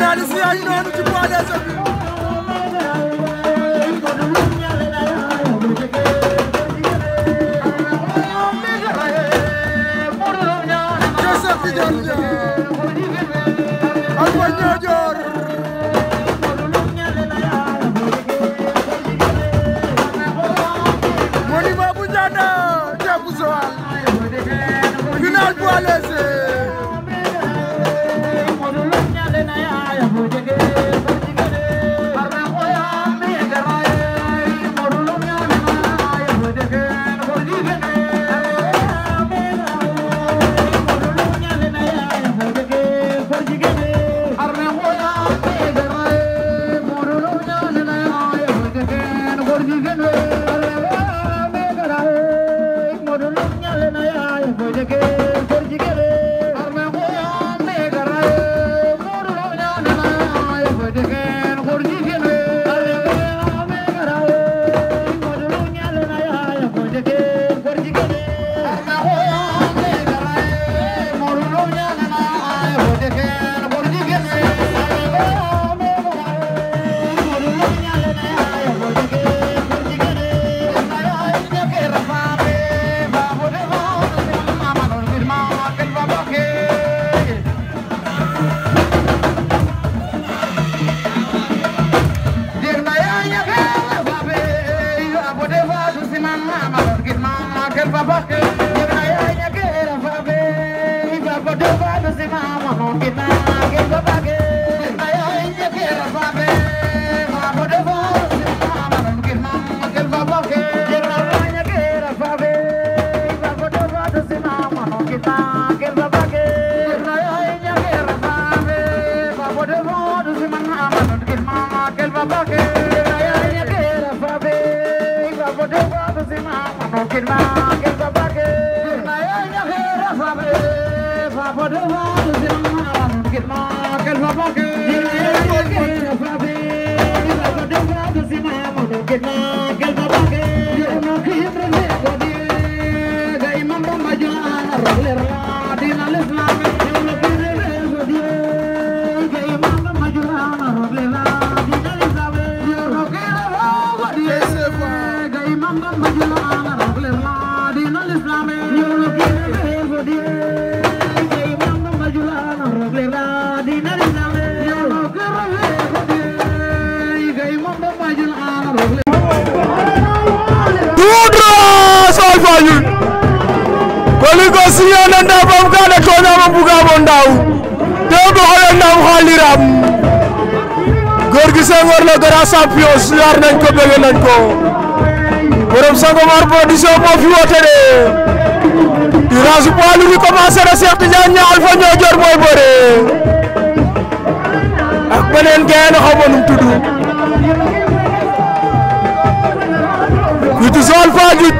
finaliste yaa ngi noonu ci poids des bi Joseph Dior Alpha Niodior Monument bu Ndianda Diabou Joal final poids léger ñonon da bom ka da ko na mo buga te ko xale ndaw xaliram góor gi Senghor la grand champion yar nañ ko bëgg nañ ko borom Sangomar production moo fi woote de tirage poids lu ñu commencé na Cheikh Tidiane ñaal fa ñoo jor mooy ak beneen gaay na xamoon num tudd Nitu Joal Fadiouth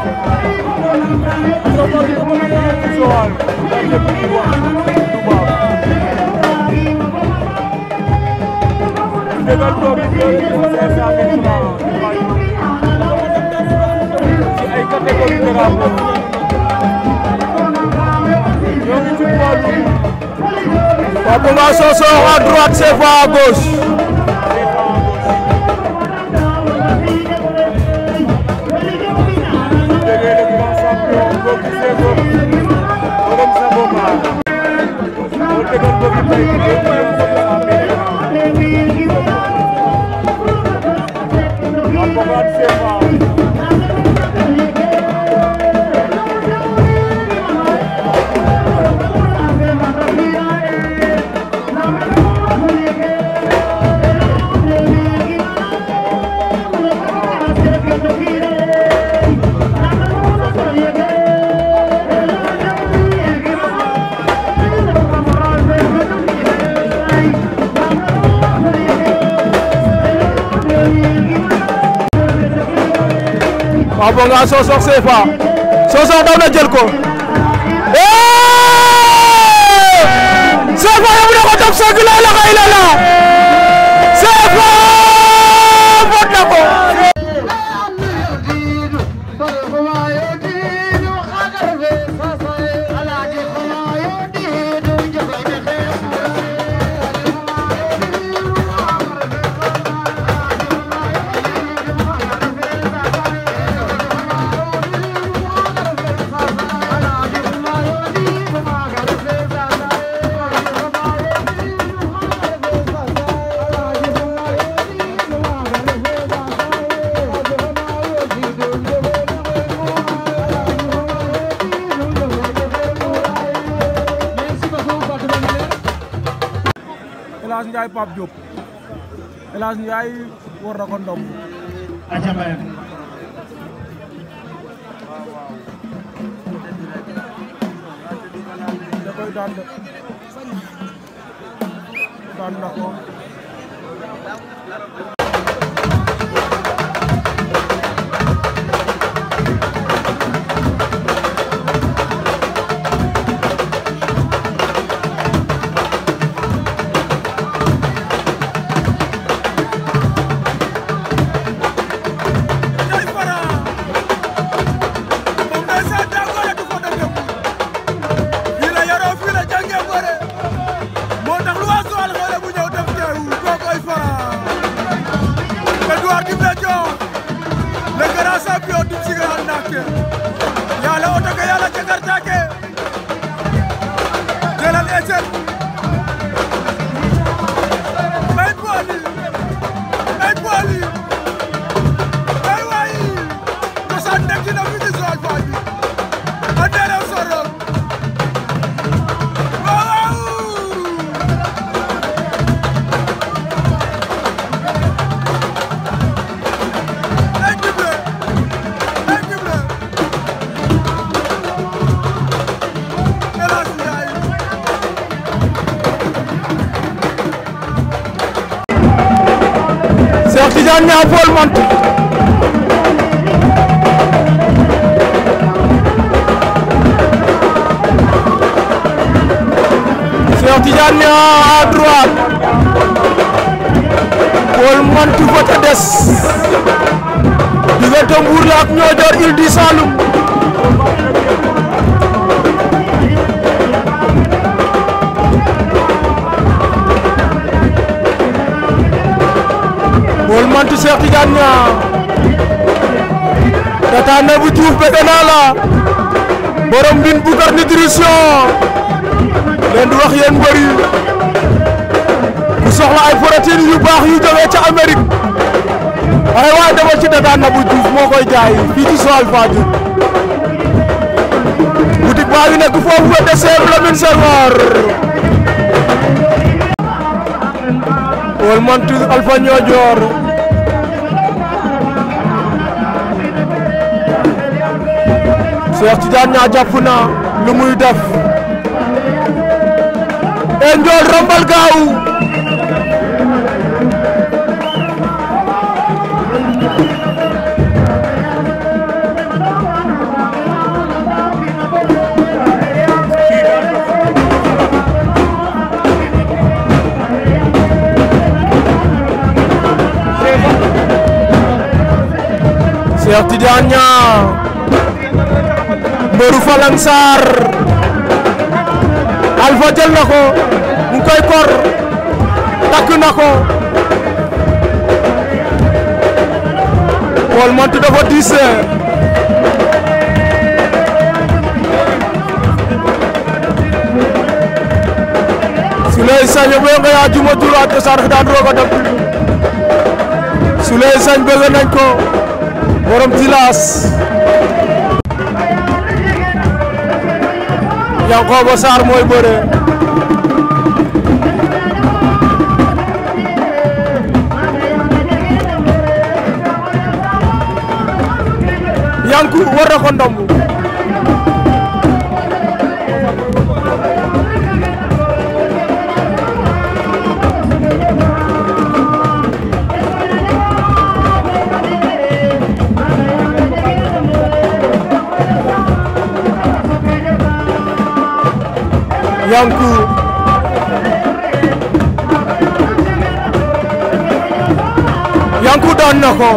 Papa Sossokh à droite, Sefa à gauche. Thank you. ko nga Sokh CFA Sokh daw na jël ko CFA yóbbu na ko top 5 la ilaha illallah CFA Pape Diop Elhadj Ndiaye war na ko ndomb da koy daan ginnaaw Paul Monte Cheikh Tidiane Niang à droite Paul Monte fa ca des diggante Mbour la ak Niodior Île du Saloum Mantu serti ganya kata anda butuh Diouf la borom bin Boucar nutrition leen di wax yéen mbër ku soxla ay yu baax yu jógee ca Amérique waaye waaye demal ci Tata Nabou Diouf moo koy jaay fii ci Joal Fadiouth montu Cheikh Tidiane Niang jàpp na lu muy def e njool gaaw mbëru Falang Sarr Alpha na ko mu koy kor takk na ko Paul Menthe dafa diis Souleye Sagne bu nga yaa juma tur ak cosaan daan roog a dem Souleye Sagne bëgg nañ ko borom Djilass Yankoba Sarr mooy bëre. Yankou war na ko ndomb. Niankou Niankou daan na ko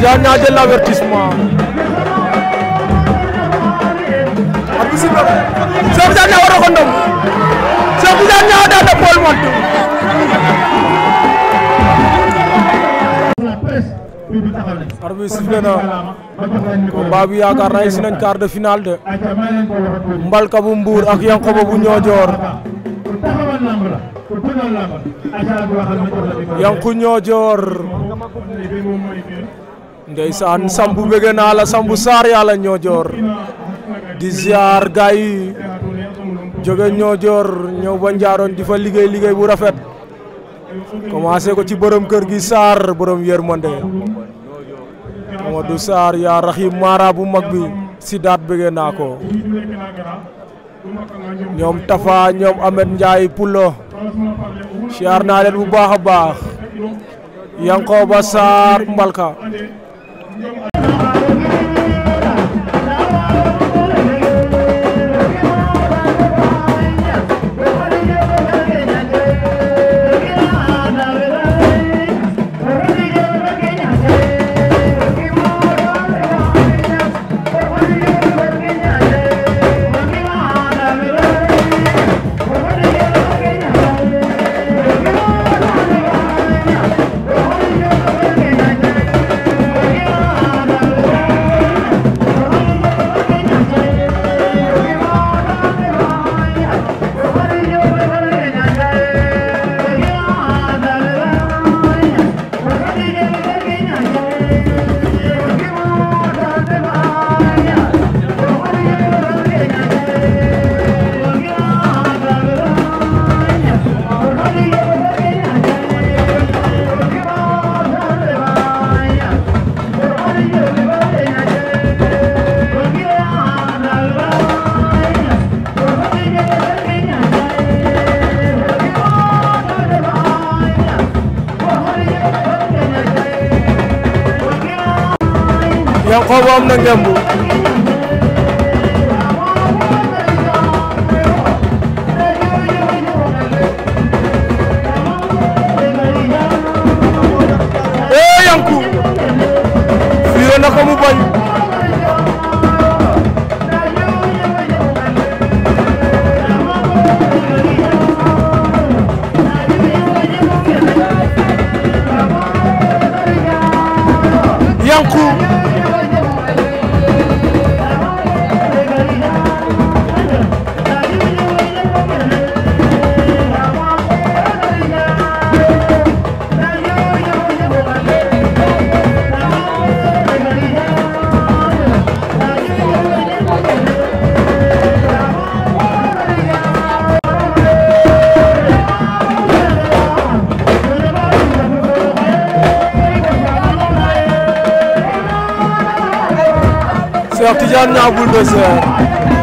Diagne Niang jël avertissement Cheikh na ko ndam yaakaar naa si nañ quart de finale de Mbalka bu Mbour ak Yankoba bu Niodior Yankou Niodior ndeysaan sambu begenala la sambu sari ala ñoo joor di ziar gay yi jóge ñoo ba ndiaron di liggey liggey bu rafet commencé ko ci borom kër gi sar borom yermonde Amadou sar ya rahim mara bu mag bi si ko ñom Tafa ñom amenjai ndjay Pulo siyaar naa leen bu baax a baax Yankoba sar Mbalka ñoom na ngemb John Buldozer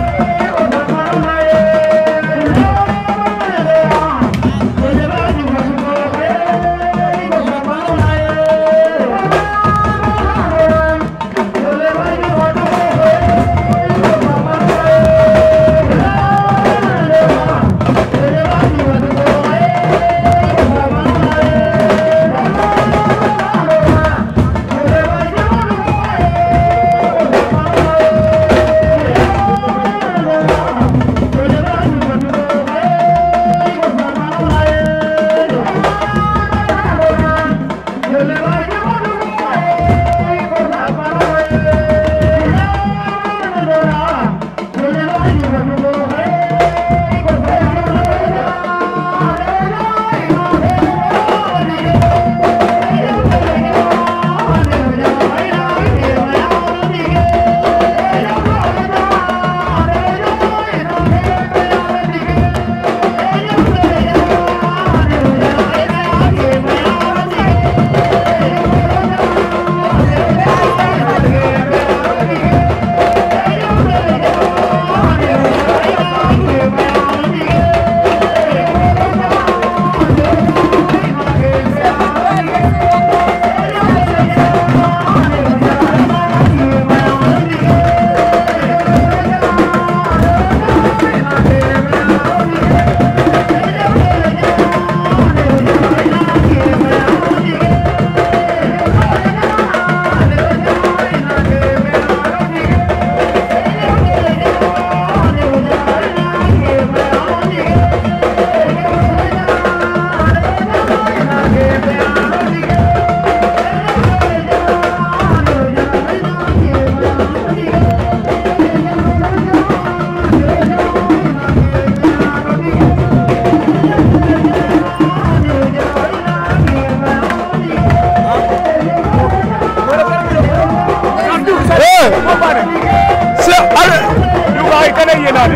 yéen a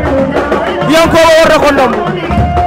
yéen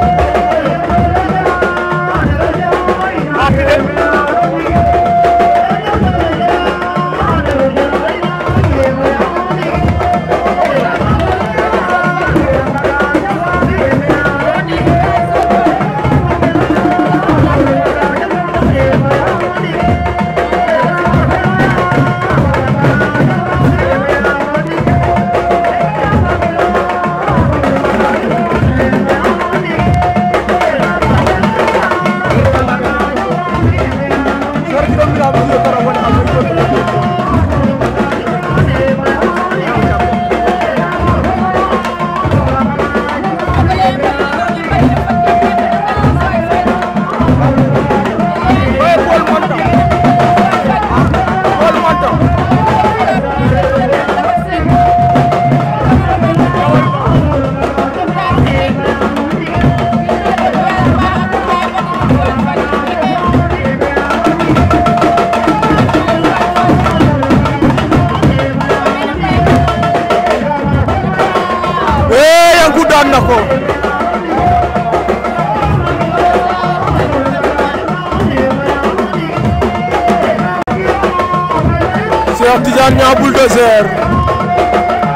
ndeysaan ñaa bulldozer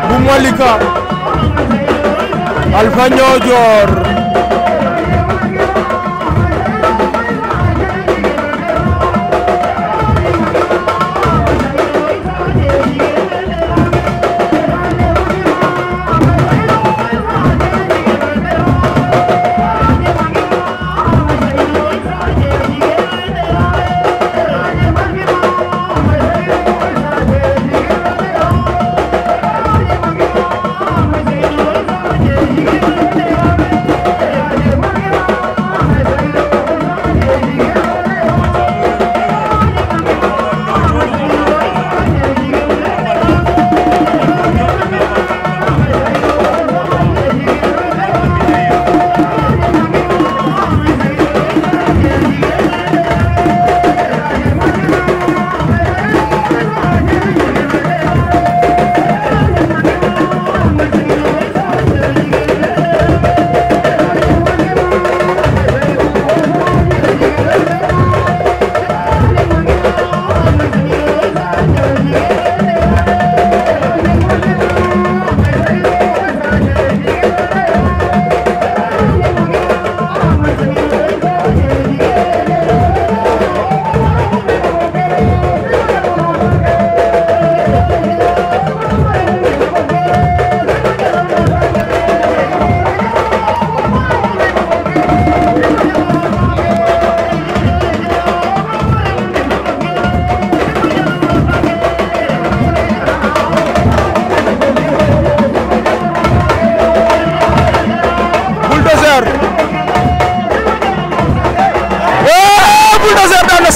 bu Malika Alpha Niodior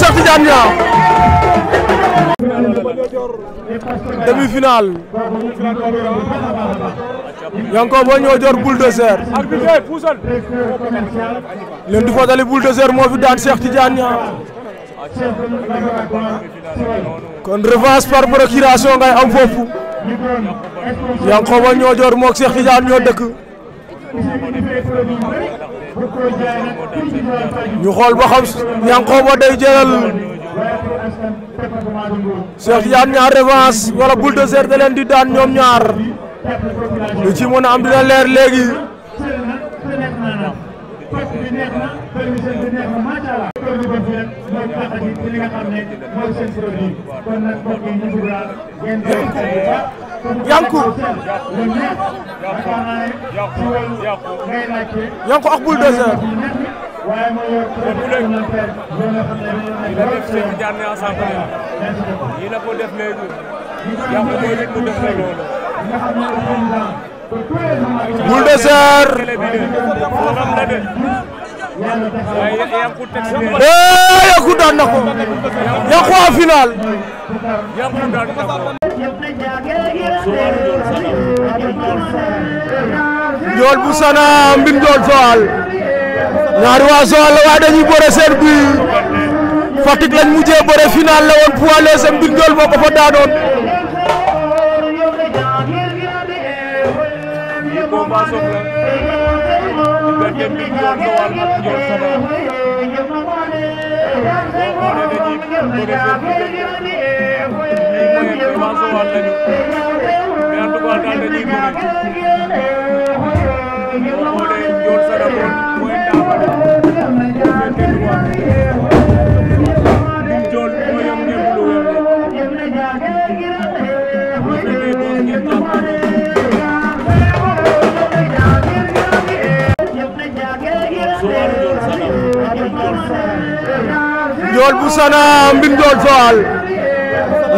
la Cheikh Tidiane Niang demi-finale Yankoba ñoo jor bulldozer moo fi daan Cheikh Tidiane Niang kon revanche par procuration ngay am foofu Yankoba ñoo jor mook Cheikh Tidiane ñoo dëkk ñu xool ba xam Yankhoba day jëlal Cheikh Tidiane ñaar revanche wala bulldozer da leen di daan ñoom ñaar lu ci mën a am dina leer léegi Yankou Yankou ak Bulldozer yi la ko def léegi Yankou mooy nit mu def la loolu Bulldozer Yankou daan na ko Yankou en final bu Sana Mbine Ndiol ñaari waa Joal la waaye dañuy bëre seen bi Fatick lañ mujjee bëre final la woon poids léger Mbine moo ko fa daanoon BJP की ओर से वारदात की ಯೋಡ್ಸರ point Ndiol bu Sana Mbir Ndiol Joal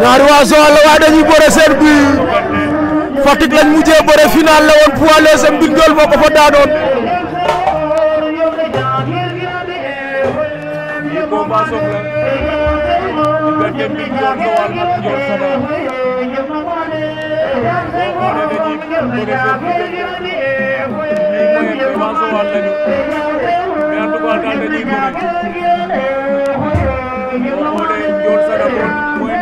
ñaari waa Joal la waaye dañuy bëre seen biir Fatick lañ mujjee bëre final la woon poids léger Mbir Ndiol ko fa daanoon. avancé waat nañu mais en tout cas daal dañuy bëri boo xoolee Ndiol Sadako mooy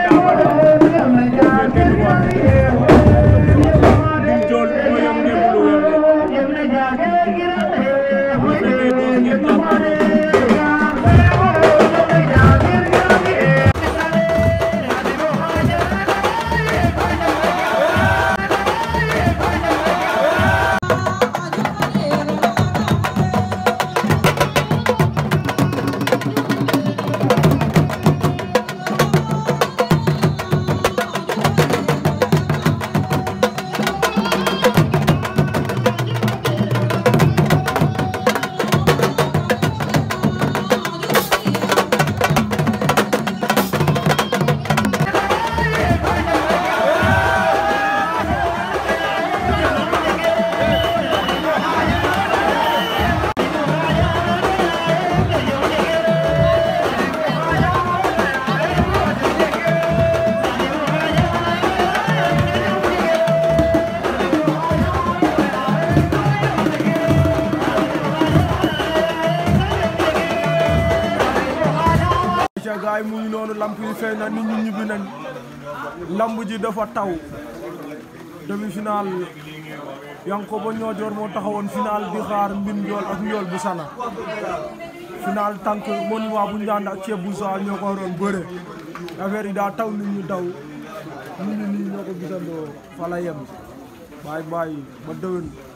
pare na nit ñi ñibbi nañ lamb ji dafa taw demi-finale Yankoba Niodior moo taxawoon finale di xaar mbin njool ak njool bu sana finale tànk monument bu Ndianda ak ceeb bu sa ñoo ko waroon bëre affaire yi daa taw nit ñu daw nit ñi ñoo ko gisandoo fa la yem bàyyi ba déwén